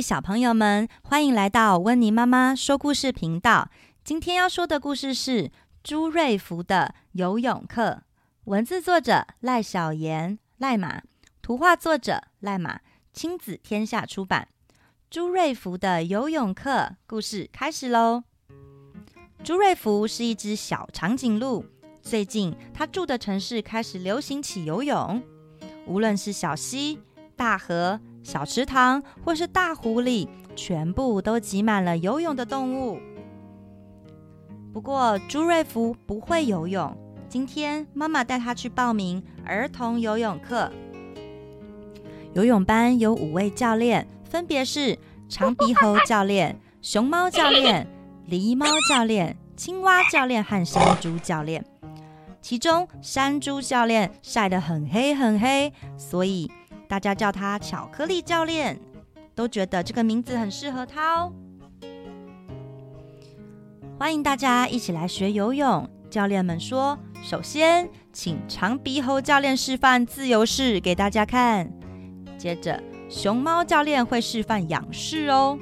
小朋友們，歡迎來到溫妮媽媽說故事頻道。今天要說的故事是朱瑞福的游泳課，文字作者賴小妍、賴馬，圖畫作者賴馬，親子天下出版。朱瑞福的游泳課故事開始嘍。朱瑞福是一隻小長頸鹿，最近他住的城市開始流行起游泳，無論是小溪、大河。小池塘或是大湖裡，全部都擠滿了游泳的動物。不過朱瑞福不會游泳，今天媽媽帶他去報名兒童游泳課。游泳班有五位教練，分別是長鼻猴教練、熊貓教練、狸貓教練、青蛙教練和山豬教練。其中山豬教練曬得很黑很黑，所以。大家叫他巧克力教練，都覺得這個名字很適合他哦。歡迎大家一起來學游泳。教練們說，首先請長鼻猴教練示範自由式給大家看，接着熊貓教練會示範仰式哦，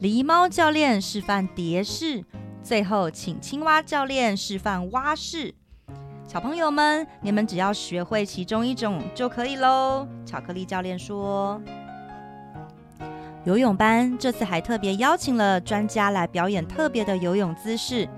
狸貓教練示範蝶式，最後請青蛙教練示範蛙式。小朋友們，你們只要學會其中一種就可以嘍。巧克力教練說：“游泳班這次還特別邀請了專家來表演特別的游泳姿勢。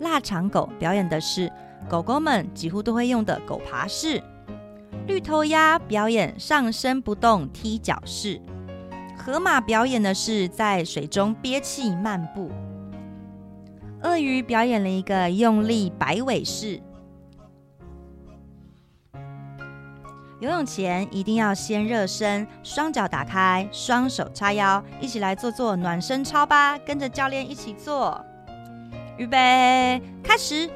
臘腸狗表演的是狗狗們幾乎都會用的狗爬式；綠頭鴨表演上身不動踢腳式；河馬表演的是在水中憋氣漫步；鱷魚表演了一個用力擺尾式。”游泳前一定要先熱身，雙腳打開，雙手叉腰，一起來做做暖身操吧。跟着教練一起做，預備，開始！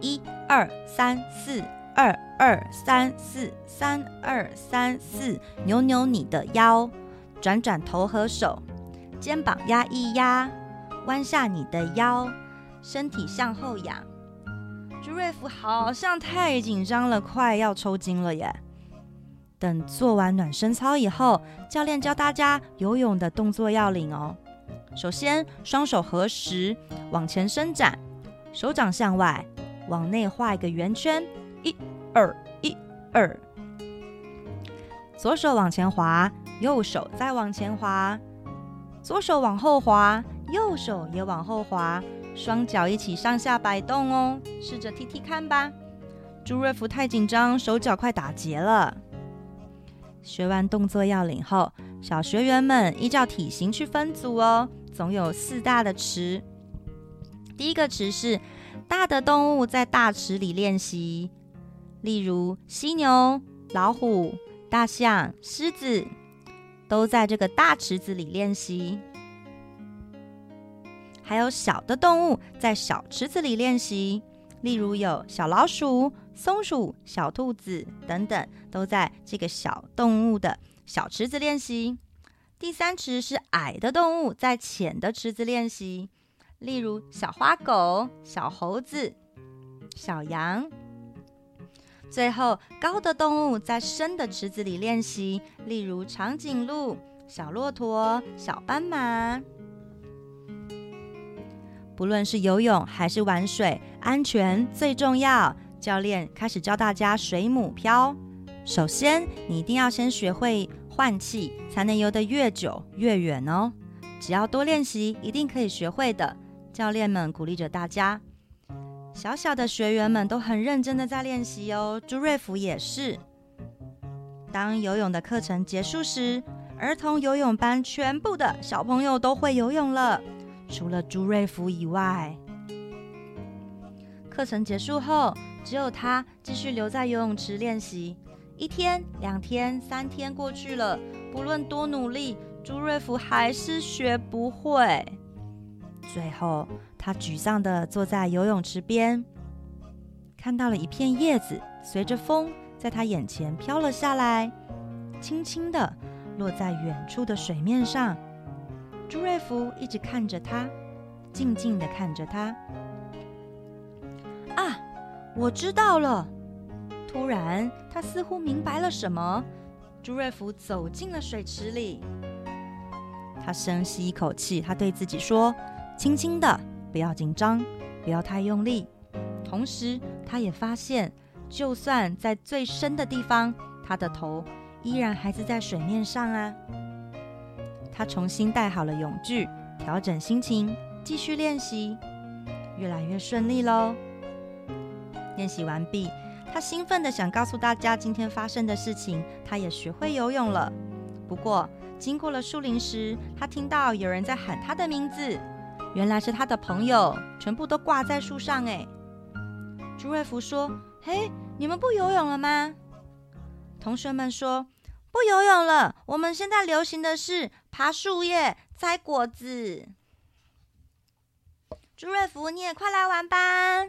一、二、三、四；二、二、三、四；三、二、三、四。扭扭你的腰，轉轉頭和手，肩膀壓一壓，彎下你的腰，身體向後仰。朱瑞福好像太緊張了，快要抽筋了耶！等做完暖身操以後，教練教大家游泳的動作要領哦。首先，雙手合十往前伸展，手掌向外，往內畫一個圓圈，一二一二。左手往前滑，右手再往前滑，左手往後滑，右手也往後滑，雙腳一起上下擺動哦。試着踢踢看吧。朱瑞福太緊張，手腳快打結了。學完動作要領後，小學員們依照體型去分組哦。總有四大的池，第一個池是大的動物在大池裡練習，例如犀牛、老虎、大象、獅子都在這個大池子裡練習。還有小的動物在小池子裡練習，例如有小老鼠、松鼠、小兔子等等都在。這個小動物的小池子練習，第三池是矮的動物在淺的池子練習，例如小花狗、小猴子、小羊。最後高的動物在深的池子裡練習，例如長頸鹿、小駱駝、小駱駝、小斑馬。不論是游泳還是玩水，安全最重要。教練開始教大家水母漂。首先，你一定要先學會換氣，才能游得越久越遠哦。只要多練習，一定可以學會的。教練們鼓勵着大家。小小的學員們都很認真的在練習哦。朱瑞福也是。當游泳的課程結束時，兒童游泳班全部的小朋友都會游泳了，除了朱瑞福以外。課程結束後，只有他繼續留在游泳池練習。一天、兩天、三天過去了，不論多努力，朱瑞福還是學不會。最後，他沮喪地坐在游泳池邊，看到了一片葉子隨着風在他眼前飄了下來，輕輕地落在遠處的水面上。朱瑞福一直看着他，靜靜地看着他。啊，我知道了。突然，他似乎明白了什麼。朱瑞福走進了水池裡，他深吸一口氣，他對自己說：“輕輕的，不要緊張，不要太用力。”同時，他也發現，就算在最深的地方，他的頭依然還是在水面上啊。他重新戴好了泳具，調整心情，繼續練習，越來越順利嘍。練習完畢。他興奮地想告訴大家今天發生的事情，他也學會游泳了。不過經過了樹林時，他聽到有人在喊他的名字，原來是他的朋友，全部都掛在樹上。哎，朱瑞福說：“嘿，你們不游泳了嗎？”同學們說：“不游泳了，我們現在流行的是爬樹葉、摘果子。”朱瑞福，你也快來玩吧。